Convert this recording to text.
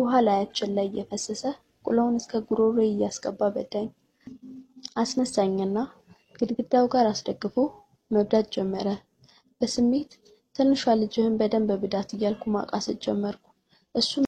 ውሃ ላያችን ላይ እየፈሰሰ ቁላውን እስከ ጉሮሮ እያስገባ በዳኝ። አስነሳኝና ግድግዳው ጋር አስደግፎ መብዳት ጀመረ። በስሜት ትንሿ ልጅህን በደንብ ብዳት እያልኩ ማቃሰት ጀመርኩ። እሱም